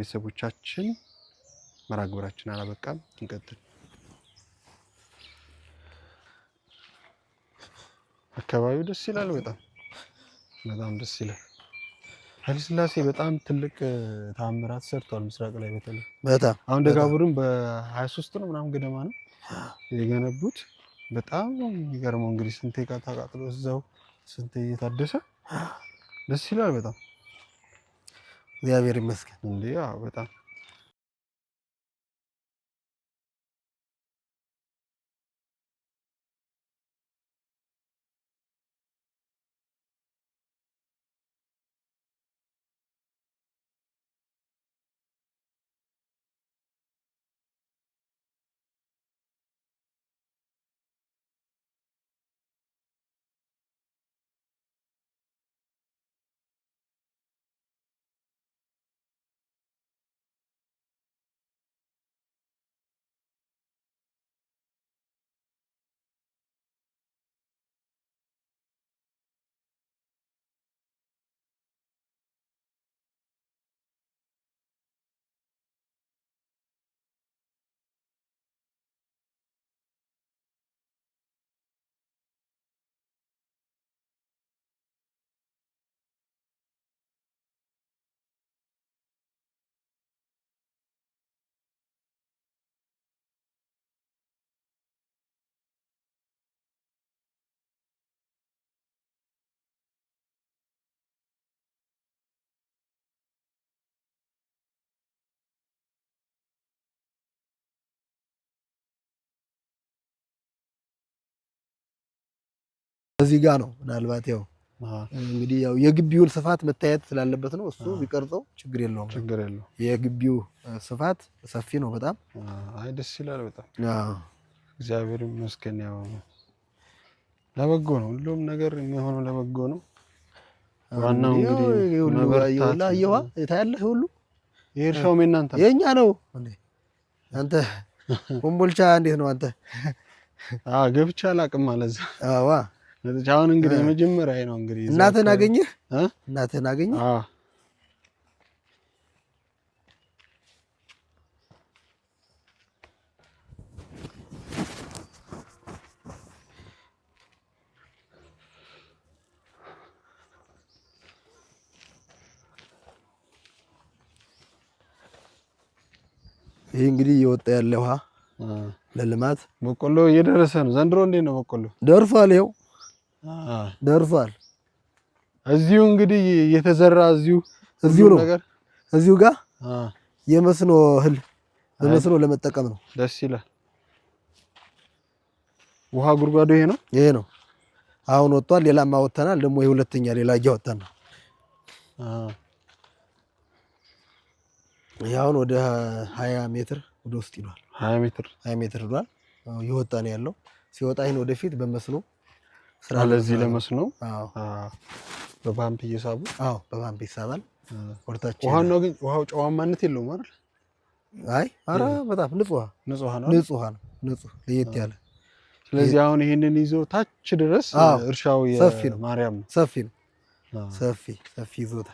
ቤተሰቦቻችን መርሃ ግብራችን አላበቃም፣ እንቀጥል። አካባቢው ደስ ይላል። በጣም በጣም ደስ ይላል። ኃይለሥላሴ በጣም ትልቅ ተአምራት ሰርቷል። ምስራቅ ላይ በተለይ በጣም አሁን ደጋቡርን በ23 ነው ምናምን ገደማ ነው የገነቡት። በጣም ነው የሚገርመው። እንግዲህ ስንቴ ታቃጥሎ እዛው ስንቴ እየታደሰ ደስ ይላል በጣም እግዚአብሔር ይመስገን። እንዴ በጣም እዚህ ጋር ነው ምናልባት ያው እንግዲህ ያው የግቢውን ስፋት መታየት ስላለበት ነው። እሱ ቢቀርጸው ችግር የለውም ችግር የለውም። የግቢው ስፋት ሰፊ ነው በጣም አይ ደስ ይላል በጣም እግዚአብሔር ይመስገን። ያው ለበጎ ነው ሁሉም ነገር የሚሆነው ለበጎ ነው። ዋናው እንግዲህ መበርታት አየዋ ታያለህ ሁሉ የእርሻው የእናንተ የእኛ ነው። አንተ ኮምቦልቻ እንዴት ነው አንተ? አዎ ገብቼ አላውቅም ማለት ነው። አዎ አሁን እንግዲህ መጀመሪያ ነው እንግዲህ እናትህን አገኘህ እናትህን አገኘህ ይህ እንግዲህ እየወጣ ያለ ውሃ ለልማት በቆሎ እየደረሰ ነው ዘንድሮ እንዴት ነው በቆሎ ደርሷል ይኸው ደርሷል። እዚሁ እንግዲህ የተዘራ እዚሁ እዚሁ ነው እዚሁ ጋር የመስኖ እህል በመስኖ ለመጠቀም ነው። ደስ ይላል። ውሃ ጉድጓዱ ይሄ ነው ይሄ ነው። አሁን ወጥቷል። ሌላም አወጥተናል። ደግሞ የሁለተኛ ሌላ እያወጣን ነው። አሁን ወደ 20 ሜትር ወደ ውስጥ ይሏል። 20 ሜትር 20 ሜትር ይሏል። ይወጣ ነው ያለው። ሲወጣ ይሄን ወደፊት በመስኖ ለዚህ ለመስኖ በባምፕ እየሳቡ በባምፕ ይሳባል። ወርታችን ውሃ ግን ውሃው ጨዋማነት የለውም አይደል? አይ አረ በጣም ንጹህ ውሃ ነው፣ ንጹህ ነው፣ ንጹህ ለየት ያለ። ስለዚህ አሁን ይሄንን ይዞ ታች ድረስ እርሻው ማርያም ነው፣ ሰፊ ነው፣ ሰፊ ሰፊ ይዞታ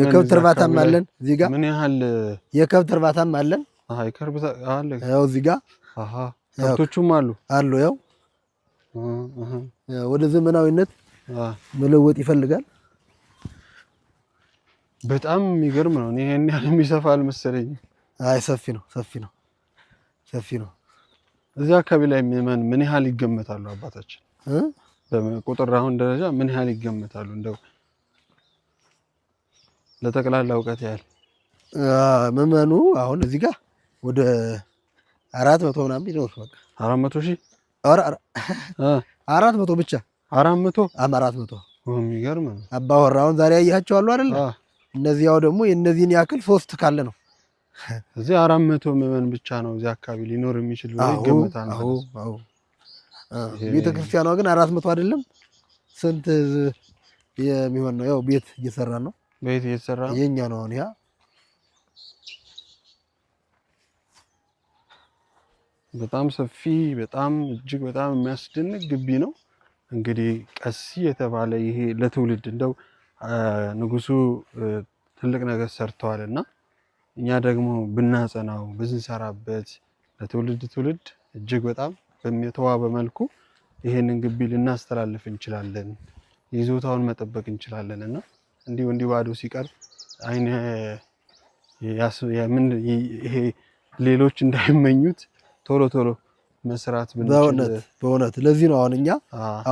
የከብት እርባታም አለን እዚህ ጋር ምን ያህል የከብት እርባታም አለን። ያው እዚህ ጋር ከብቶቹም አሉ አሉ። ያው ወደ ዘመናዊነት መለወጥ ይፈልጋል። በጣም የሚገርም ነው። ይሄን ያህል የሚሰፋ አልመሰለኝ። አይ ሰፊ ነው፣ ሰፊ ነው፣ ሰፊ ነው። እዚህ አካባቢ ላይ ምን ምን ያህል ይገመታሉ አባታችን? በቁጥር አሁን ደረጃ ምን ያህል ይገመታሉ እንደው ለጠቅላላ እውቀት ያህል ምዕመኑ አሁን እዚህ ጋር ወደ አራት መቶ ምናምን ቢኖር አራት መቶ ሺህ አራት መቶ ብቻ አራት መቶ አራት መቶ የሚገርም አባወራ አሁን ዛሬ ያያቸዋሉ አይደለ? እነዚያው ደግሞ የእነዚህን ያክል ሶስት ካለ ነው። እዚህ አራት መቶ ምዕመን ብቻ ነው እዚህ አካባቢ ሊኖር የሚችል ቤተ ቤተክርስቲያኗ ግን አራት መቶ አይደለም ስንት የሚሆን ነው? ያው ቤት እየሰራ ነው ቤት እየተሰራ የኛ ነው። ያ በጣም ሰፊ በጣም እጅግ በጣም የሚያስደንቅ ግቢ ነው። እንግዲህ ቀሲ የተባለ ይሄ ለትውልድ እንደው ንጉሱ ትልቅ ነገር ሰርተዋል እና እኛ ደግሞ ብናጸናው ብንሰራበት ለትውልድ ትውልድ እጅግ በጣም በሚተዋበ መልኩ ይሄንን ግቢ ልናስተላልፍ እንችላለን። ይዞታውን መጠበቅ እንችላለን እና እንዲሁ እንዲሁ ባዶ ሲቀር አይን የምን ይሄ ሌሎች እንዳይመኙት ቶሎ ቶሎ መስራት በእውነት በእውነት ለዚህ ነው አሁን እኛ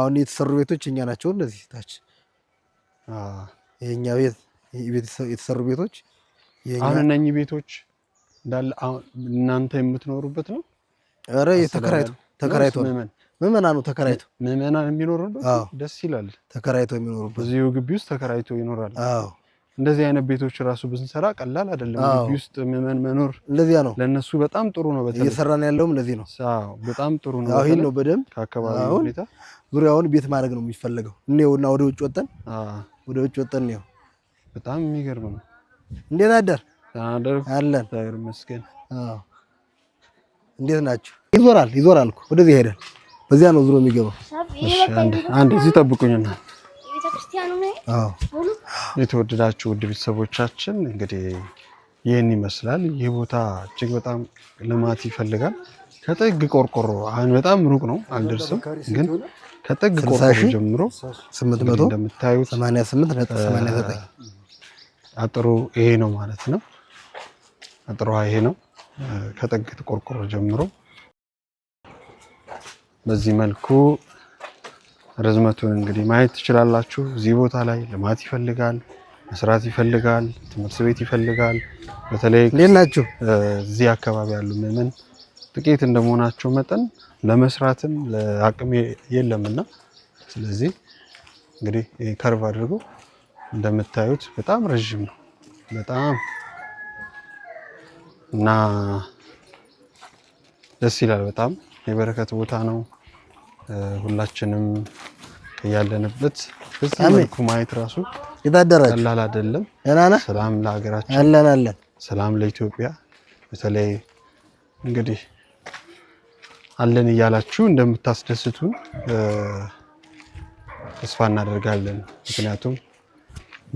አሁን የተሰሩ ቤቶች እኛ ናቸው። እነዚህ ታች የእኛ ቤት የተሰሩ ቤቶች አሁን እነኚህ ቤቶች እንዳለ እናንተ የምትኖሩበት ነው። ኧረ ተከራይቶ ተከራይቶ ምዕመናኑ ተከራይቶ ምዕመናን የሚኖሩበት ደስ ይላል። ተከራይቶ የሚኖሩበት እዚሁ ግቢ ውስጥ ተከራይቶ ይኖራል። አዎ እንደዚህ አይነት ቤቶች ራሱ ብንሰራ ቀላል አይደለም። ግቢ ውስጥ ምዕመን መኖር ለዚያ ነው ለነሱ በጣም ጥሩ ነው። እየሰራ ነው ያለውም ለዚህ ነው። አዎ በጣም ጥሩ ነው። አሁን ነው በደንብ ከአካባቢ ሁኔታ ዙሪያውን ቤት ማድረግ ነው የሚፈለገው። እኔውና ወደ ውጭ ወጠን ወደ ውጭ ወጠን ነው። በጣም የሚገርም ነው። እንዴት አደር አደር አለን ይመስገን። አዎ እንዴት ናችሁ? ይዞራል ይዞራል እኮ ወደዚህ ሄደን በዚያ ነው ዝሮ የሚገባው። እዚህ ጠብቁኝና የተወደዳችሁ ውድ ቤተሰቦቻችን እንግዲህ ይህን ይመስላል። ይህ ቦታ እጅግ በጣም ልማት ይፈልጋል። ከጥግ ቆርቆሮ በጣም ሩቅ ነው አልደርስም፣ ግን ከጥግ ቆርቆሮ ጀምሮ እንደምታዩት አጥሩ ይሄ ነው ማለት ነው። አጥሯ ይሄ ነው ከጥግ ቆርቆሮ ጀምሮ በዚህ መልኩ ርዝመቱን እንግዲህ ማየት ትችላላችሁ። እዚህ ቦታ ላይ ልማት ይፈልጋል፣ መስራት ይፈልጋል፣ ትምህርት ቤት ይፈልጋል። በተለይ እንዴት ናችሁ? እዚህ አካባቢ ያሉ ምዕመን ጥቂት እንደመሆናቸው መጠን ለመስራትም አቅም የለምና ስለዚህ እንግዲህ ከርቭ አድርገው እንደምታዩት በጣም ረዥም ነው በጣም እና ደስ ይላል። በጣም የበረከት ቦታ ነው። ሁላችንም እያለንበት በዚህ መልኩ ማየት ራሱ የታደራችሁ ቀላል አይደለም። ሰላም ለሀገራችን፣ አለን አለን፣ ሰላም ለኢትዮጵያ። በተለይ እንግዲህ አለን እያላችሁ እንደምታስደስቱን ተስፋ እናደርጋለን። ምክንያቱም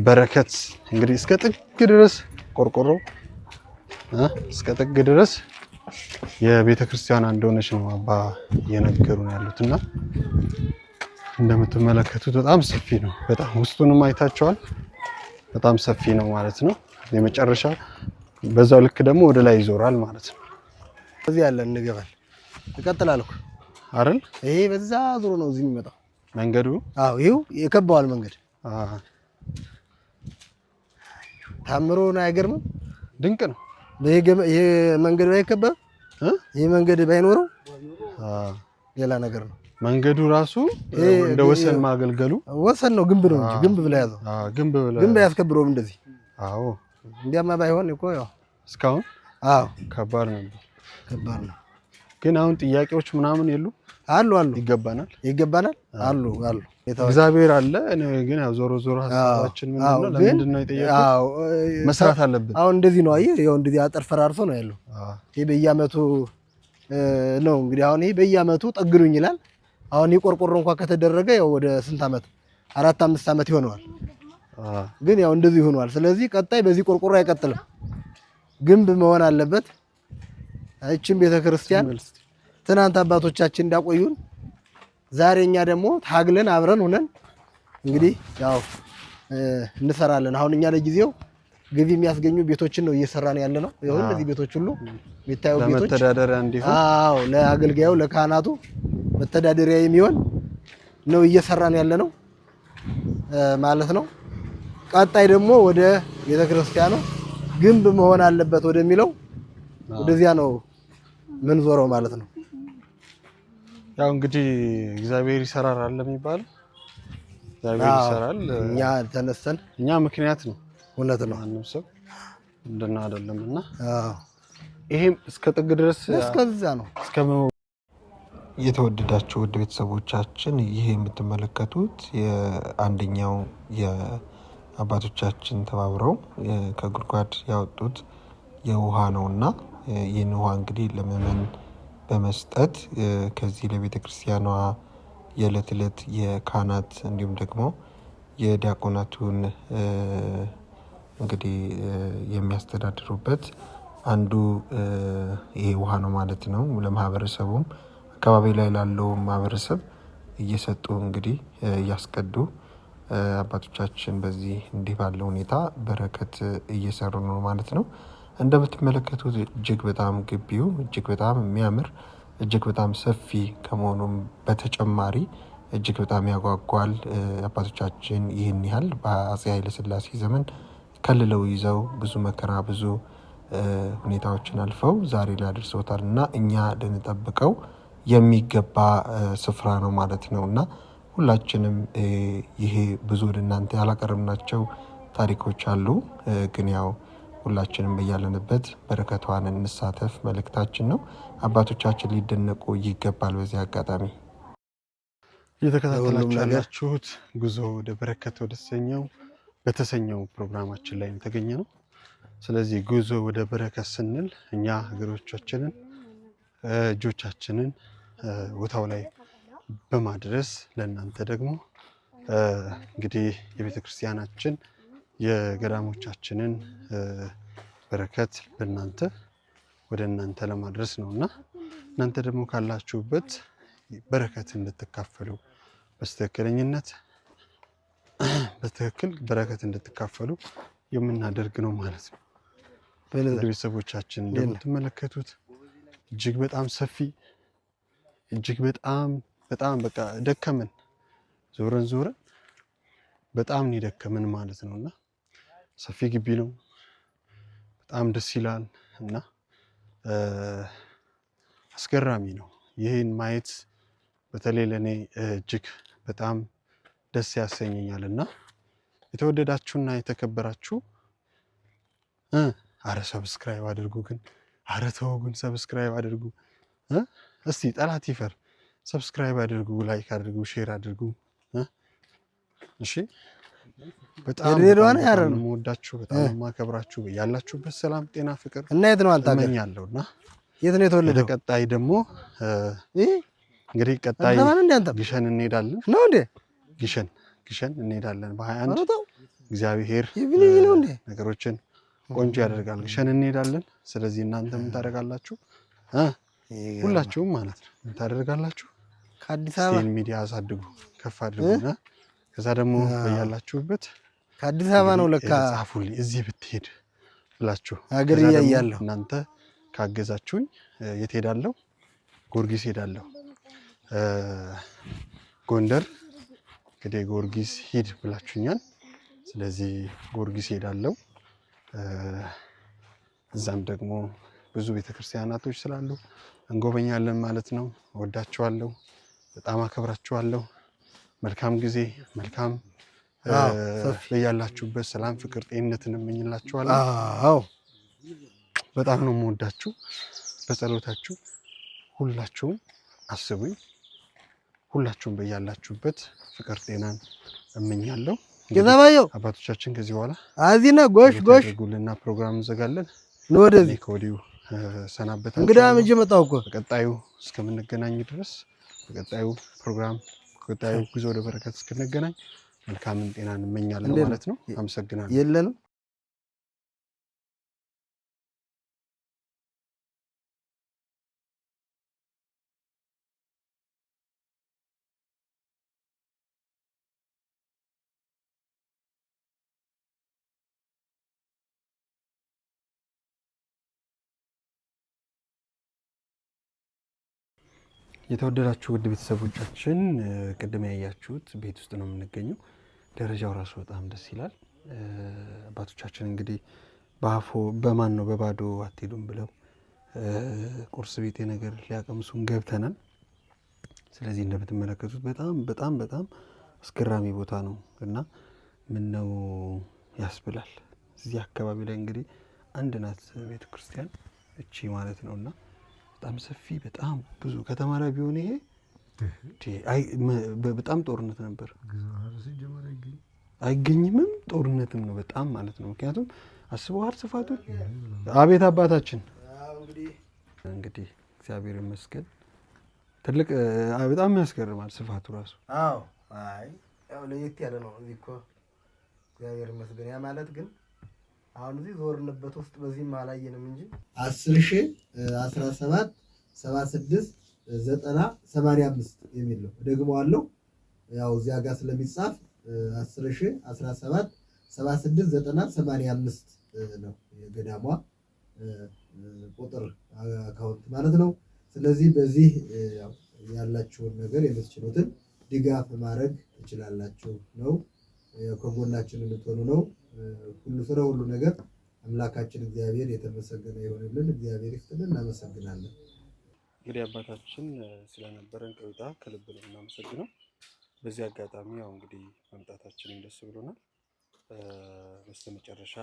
በረከት እንግዲህ እስከ ጥግ ድረስ ቆርቆሮ እስከ ጥግ ድረስ የቤተ ክርስቲያን እንደሆነች ነው አባ እየነገሩን ያሉት እና እንደምትመለከቱት በጣም ሰፊ ነው። በጣም ውስጡንም አይታቸዋል። በጣም ሰፊ ነው ማለት ነው። የመጨረሻ በዛው ልክ ደግሞ ወደ ላይ ይዞራል ማለት ነው። እዚህ ያለ እንገባል እቀጥላለሁ አይደል? ይሄ በዛ ዞሮ ነው እዚህ የሚመጣው መንገዱ። አዎ ይኸው የከባዋል መንገድ ታምሮ ነው አይገርምም? ድንቅ ነው። ይሄ መንገድ ባይከበብ ይሄ መንገድ ባይኖረው ሌላ ነገር ነው። መንገዱ ራሱ እንደ ወሰን ማገልገሉ ወሰን ነው፣ ግንብ ነው እንጂ ግንብ ብለህ ያዘው ግንብ ብለህ ግንብ አያስከብረውም እንደዚህ። አዎ እንዲያማ ባይሆን እኮ ያው እስካሁን አዎ ከባድ ከባድ ነው። ግን አሁን ጥያቄዎች ምናምን የሉ አሉ አሉ ይገባናል ይገባናል አሉ አሉ እግዚአብሔር አለ። እኔ ግን ያው ዞሮ ዞሮ ሀሳባችን ምንድነው? ነው? ለምንድን ነው የጠየቀው? መስራት አለብን። አሁን እንደዚህ ነው። አየህ ያው እንደዚህ አጠር ፈራርሶ ነው ያለው። ይሄ በየአመቱ ነው እንግዲህ። አሁን ይሄ በየአመቱ ጠግኑኝ ይላል። አሁን ይህ ቆርቆሮ እንኳን ከተደረገ ያው ወደ ስንት አመት አራት አምስት አመት ይሆነዋል። ግን ያው እንደዚህ ይሆነዋል። ስለዚህ ቀጣይ በዚህ ቆርቆሮ አይቀጥልም፣ ግንብ መሆን አለበት። እቺም ቤተክርስቲያን ትናንት አባቶቻችን እንዳቆዩን ዛሬ እኛ ደግሞ ታግለን አብረን ሆነን እንግዲህ ያው እንሰራለን። አሁን እኛ ለጊዜው ግቢ የሚያስገኙ ቤቶችን ነው እየሰራን ያለ ነው። ይሁን እነዚህ ቤቶች ሁሉ የሚታዩ ቤቶች አዎ፣ ለአገልጋዩ ለካህናቱ መተዳደሪያ የሚሆን ነው እየሰራን ያለ ነው ማለት ነው። ቀጣይ ደግሞ ወደ ቤተክርስቲያኑ ግንብ መሆን አለበት ወደሚለው ወደዚያ ነው ምን ዞረው ማለት ነው። ያው እንግዲህ እግዚአብሔር ይሰራል አለ የሚባል እግዚአብሔር ይሰራል። እኛ ተነስተን እኛ ምክንያት ነው፣ እውነት ነው። ማንም ሰው እንደና አይደለም እና ይሄም እስከ ጥግ ድረስ እስከዛ ነው። የተወደዳቸው ውድ ቤተሰቦቻችን ይህ የምትመለከቱት የአንደኛው የአባቶቻችን ተባብረው ከጉድጓድ ያወጡት የውሃ ነው እና ይህን ውሃ እንግዲህ ለመመን በመስጠት ከዚህ ለቤተ ክርስቲያኗ የዕለት ዕለት የካህናት እንዲሁም ደግሞ የዲያቆናቱን እንግዲህ የሚያስተዳድሩበት አንዱ ይሄ ውሃ ነው ማለት ነው። ለማህበረሰቡም አካባቢ ላይ ላለው ማህበረሰብ እየሰጡ እንግዲህ እያስቀዱ አባቶቻችን በዚህ እንዲህ ባለ ሁኔታ በረከት እየሰሩ ነው ማለት ነው። እንደምትመለከቱት እጅግ በጣም ግቢው እጅግ በጣም የሚያምር እጅግ በጣም ሰፊ ከመሆኑም በተጨማሪ እጅግ በጣም ያጓጓል። አባቶቻችን ይህን ያህል በአፄ ኃይለ ዘመን ከልለው ይዘው ብዙ መከራ ብዙ ሁኔታዎችን አልፈው ዛሬ ላይ አድርሰውታል እና እኛ ልንጠብቀው የሚገባ ስፍራ ነው ማለት ነው እና ሁላችንም ይሄ ብዙ ወደ እናንተ ያላቀረብናቸው ታሪኮች አሉ ግን ያው ሁላችንም በያለንበት በረከቷን እንሳተፍ መልእክታችን ነው። አባቶቻችን ሊደነቁ ይገባል። በዚህ አጋጣሚ እየተከታተላችሁ ያላችሁት ጉዞ ወደ በረከት ወደተሰኘው በተሰኘው ፕሮግራማችን ላይ የተገኘ ነው። ስለዚህ ጉዞ ወደ በረከት ስንል እኛ እግሮቻችንን እጆቻችንን ቦታው ላይ በማድረስ ለእናንተ ደግሞ እንግዲህ የቤተ ክርስቲያናችን የገዳሞቻችንን በረከት በእናንተ ወደ እናንተ ለማድረስ ነው እና እናንተ ደግሞ ካላችሁበት በረከት እንድትካፈሉ በትክክለኝነት በትክክል በረከት እንድትካፈሉ የምናደርግ ነው ማለት ነው። ቤተሰቦቻችን እንደምትመለከቱት እጅግ በጣም ሰፊ እጅግ በጣም በጣም በቃ ደከመን ዞረን ዞረን በጣም ነው የደከመን ማለት ነውና ሰፊ ግቢ ነው። በጣም ደስ ይላል እና አስገራሚ ነው። ይህን ማየት በተለይ ለእኔ እጅግ በጣም ደስ ያሰኘኛል እና የተወደዳችሁና የተከበራችሁ አረ ሰብስክራይብ አድርጉ ግን አረ ተው ግን ሰብስክራይብ አድርጉ እስቲ ጠላት ይፈር። ሰብስክራይብ አድርጉ፣ ላይክ አድርጉ፣ ሼር አድርጉ እሺ። በጣም ነው በጣም ማከብራችሁ ያላችሁበት ሰላም፣ ጤና፣ ፍቅር እና የት ነው አልታገኝ ያለውና የት ነው የተወለደ? ቀጣይ ደግሞ እንግዲህ ቀጣይ ግሸን እንሄዳለን ነው እንዴ? ግሸን ግሸን እንሄዳለን በ21 እግዚአብሔር ነገሮችን ቆንጆ ያደርጋል። ግሸን እንሄዳለን። ስለዚህ እናንተ ምን ታደርጋላችሁ? ሁላችሁም ማለት ነው ምን ታደርጋላችሁ? ከአዲስ አበባ ሚዲያ አሳድጉ፣ ከፍ አድርጉና ከዛ ደግሞ ያላችሁበት ከአዲስ አበባ ነው ለካ ጻፉልኝ፣ እዚህ ብትሄድ ብላችሁ ሀገር እያያለሁ። እናንተ ካገዛችሁኝ የት ሄዳለሁ? ጊዮርጊስ ሄዳለሁ፣ ጎንደር እንግዲህ ጊዮርጊስ ሂድ ብላችሁኛል። ስለዚህ ጊዮርጊስ ሄዳለሁ። እዛም ደግሞ ብዙ ቤተክርስቲያናቶች ስላሉ እንጎበኛለን ማለት ነው። ወዳችኋለሁ፣ በጣም አከብራችኋለሁ። መልካም ጊዜ መልካም በያላችሁበት ሰላም፣ ፍቅር፣ ጤንነት እመኝላችኋለሁ። አዎ በጣም ነው የምወዳችሁ። በጸሎታችሁ ሁላችሁም አስቡኝ። ሁላችሁም በያላችሁበት ፍቅር፣ ጤናን እመኛለሁ። ገዛባየው አባቶቻችን ከዚህ በኋላ አዚነ ጎሽ ጎሽ ጉልና ፕሮግራም እንዘጋለን። ወደዚህ ከወዲሁ ሰናበታ። እንግዳ መጣው እኮ በቀጣዩ እስከምንገናኝ ድረስ በቀጣዩ ፕሮግራም በቀጣዩ ጉዞ ወደ በረከት እስክንገናኝ መልካምን ጤናን እንመኛለን ማለት ነው። አመሰግናለሁ። የለንም የተወደዳችሁ ውድ ቤተሰቦቻችን ቅድም ያያችሁት ቤት ውስጥ ነው የምንገኘው። ደረጃው ራሱ በጣም ደስ ይላል። አባቶቻችን እንግዲህ በአፎ በማን ነው በባዶ አትሄዱም ብለው ቁርስ ቤቴ ነገር ሊያቀምሱን ገብተናል። ስለዚህ እንደምትመለከቱት በጣም በጣም በጣም አስገራሚ ቦታ ነው እና ምን ነው ያስብላል። እዚህ አካባቢ ላይ እንግዲህ አንድ ናት ቤተ ክርስቲያን እቺ ማለት ነው እና በጣም ሰፊ በጣም ብዙ ከተማ ላይ ቢሆን ይሄ በጣም ጦርነት ነበር። አይገኝምም ጦርነትም ነው በጣም ማለት ነው። ምክንያቱም አስበዋል ስፋቱ አቤት አባታችን እንግዲህ እግዚአብሔር ይመስገን። ትልቅ በጣም ያስገርማል ስፋቱ ራሱ። አዎ ለየት ያለ ነው። እዚህ እኮ እግዚአብሔር ይመስገን ያ ማለት ግን አሁን እዚህ ዞርንበት ውስጥ በዚህም አላየንም እንጂ አስር ሺ አስራ ሰባት ሰባ ስድስት ዘጠና ሰማንያ አምስት የሚል ነው። ደግሞ አለው ያው እዚያ ጋር ስለሚጻፍ አስር ሺ አስራ ሰባት ሰባ ስድስት ዘጠና ሰማንያ አምስት ነው የገዳሟ ቁጥር አካውንት ማለት ነው። ስለዚህ በዚህ ያላችሁን ነገር የምትችሉትን ድጋፍ ማድረግ ትችላላችሁ ነው ከጎናችን የምትሆኑ ነው። ሁሉ ፍሬ ሁሉ ነገር አምላካችን እግዚአብሔር የተመሰገነ የሆነልን እግዚአብሔር ይስጥልን። እናመሰግናለን። እንግዲህ አባታችን ስለነበረን ቆይታ ከልብ ነው እናመሰግነው። በዚህ አጋጣሚ ያው እንግዲህ መምጣታችንን ደስ ብሎናል። በስተ መጨረሻ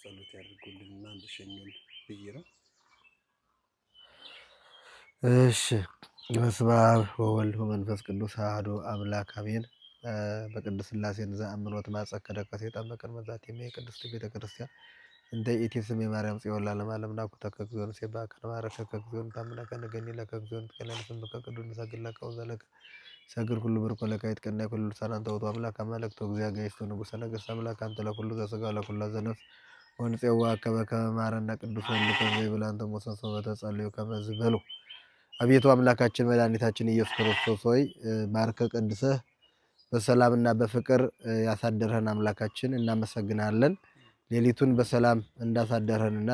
ጸሎት ያድርጉልንና አንድ ሺህ ብዬ ነው። እሺ በስመ አብ ወወልድ ወመንፈስ ቅዱስ አሐዱ አምላክ አሜን። በቅድስት ሥላሴ ዘአምልኮት ማጸከደ ከሰይጣን በቀን መዛት የሚ ቅድስት ቤተ ክርስቲያን እንደ ኢቲ ስም የማርያም ጽዮን ለዓለም ዓለም ናኩተ ከግዚኦን ሴባ ከነባረከ ከግዚኦን ታምነከ ንገኒ ለከ እግዚኦን ጥቀለን ስም ከቅዱን ሰግድ ለከ ዘለከ ሁሉ ብርኮ ለከ ቀና ኩሉ ሰላም ተውቶ አምላክ አማልክቶ እግዚአብሔር ገይስቱ ንጉሰ ነገስት አምላክ አንተ ለኩሉ ዘስጋ ለኩላ ዘነፍስ ወንፄዋ አከበ ከመማረና ቅዱስ ወልከ ብላንተ ሞሰሶ በተጸልዩ ከመዝበሉ አቤቱ አምላካችን መድኃኒታችን ኢየሱስ ክርስቶስ ሆይ ባርከ ቀድሰህ በሰላምና በፍቅር ያሳደረህን አምላካችን እናመሰግናለን። ሌሊቱን በሰላም እና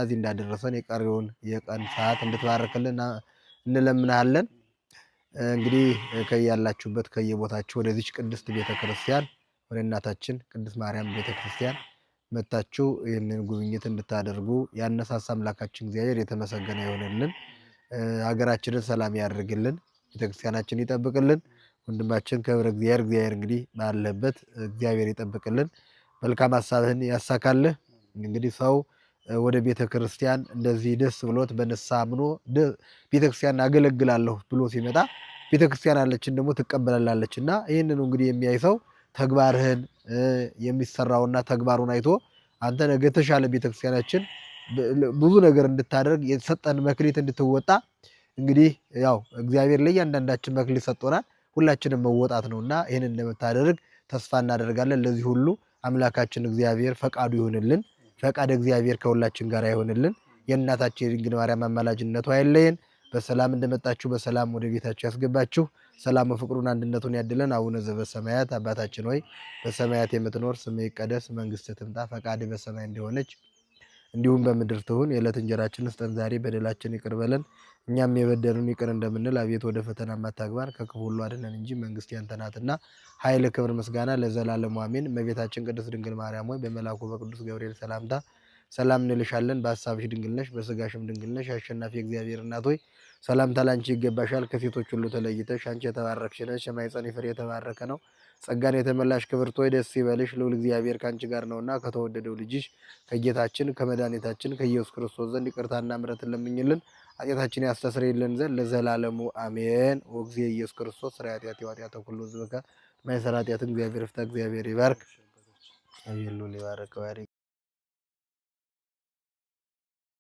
እዚህ እንዳደረሰን የቀሪውን የቀን ሰዓት እንድትባርክልን እንለምናለን። እንግዲህ ከያላችሁበት ከየቦታችሁ ወደዚች ቅድስት ቤተክርስቲያን ወደ እናታችን ቅድስት ማርያም ቤተክርስቲያን መታችሁ ይህንን ጉብኝት እንድታደርጉ ያነሳሳ አምላካችን እግዚአብሔር የተመሰገነ ይሆንልን። ሀገራችንን ሰላም ያደርግልን፣ ቤተክርስቲያናችን ይጠብቅልን። ወንድማችን ክብረ እግዚአብሔር እግዚአብሔር እንግዲህ ባለበት እግዚአብሔር ይጠብቅልን፣ መልካም ሀሳብህን ያሳካልህ። እንግዲህ ሰው ወደ ቤተ ክርስቲያን እንደዚህ ደስ ብሎት በንስሐ አምኖ ቤተ ክርስቲያን አገለግላለሁ ብሎ ሲመጣ ቤተ ክርስቲያን አለችን ደግሞ ትቀበላላለች እና ይህንኑ እንግዲህ የሚያይ ሰው ተግባርህን የሚሰራውና ተግባሩን አይቶ አንተ ነገ የተሻለ ቤተክርስቲያናችን ብዙ ነገር እንድታደርግ የተሰጠን መክሊት እንድትወጣ እንግዲህ ያው እግዚአብሔር ለእያንዳንዳችን መክሊት ሰጥቶናል። ሁላችንም መወጣት ነው እና ይህንን እንደምታደርግ ተስፋ እናደርጋለን። ለዚህ ሁሉ አምላካችን እግዚአብሔር ፈቃዱ ይሆንልን። ፈቃድ እግዚአብሔር ከሁላችን ጋር ይሆንልን። የእናታችን ድንግል ማርያም አማላጅነቱ አይለየን። በሰላም እንደመጣችሁ በሰላም ወደ ቤታችሁ ያስገባችሁ። ሰላም ፍቅሩን አንድነቱን ያድለን። አቡነ ዘበሰማያት አባታችን ሆይ በሰማያት የምትኖር ስም ይቀደስ፣ መንግስት ትምጣ፣ ፈቃድ በሰማይ እንደሆነች እንዲሁም በምድር ትሁን። የዕለት እንጀራችን ስጠን ዛሬ፣ በደላችን ይቅር በለን እኛም የበደሉን ይቅር እንደምንል አቤት ወደ ፈተና አታግባን ከክፉ ሁሉ አድነን እንጂ መንግስት ያንተ ናትና ኃይል፣ ክብር፣ ምስጋና ለዘላለሙ አሜን። እመቤታችን ቅድስት ድንግል ማርያም ሆይ በመላኩ በቅዱስ ገብርኤል ሰላምታ ሰላም እንልሻለን። በሀሳብሽ ድንግል ነሽ፣ በስጋሽም ድንግል ነሽ። አሸናፊ እግዚአብሔር እናት ሆይ ሰላምታ ላንቺ ይገባሻል። ከሴቶች ሁሉ ተለይተሽ አንቺ የተባረክሽ ነሽ፣ የማኅፀንሽ ፍሬ የተባረከ ነው። ጸጋን የተመላሽ ክብርት ሆይ ደስ ይበልሽ፣ ልዑል እግዚአብሔር ከአንቺ ጋር ነውና ከተወደደው ልጅሽ ከጌታችን ከመድኃኒታችን ከኢየሱስ ክርስቶስ ዘንድ ይቅርታና ምሕረትን ለምኝልን ኃጢአታችን ያስተስር የለን ዘንድ ለዘላለሙ አሜን። ወጊዜ ኢየሱስ ክርስቶስ ስራ ኃጢአት የኃጢአት ሁሉ ዝበካ ማይሰራ ኃጢአትን እግዚአብሔር ፍታ እግዚአብሔር ይባርክ ሊባርክ ሊባረክ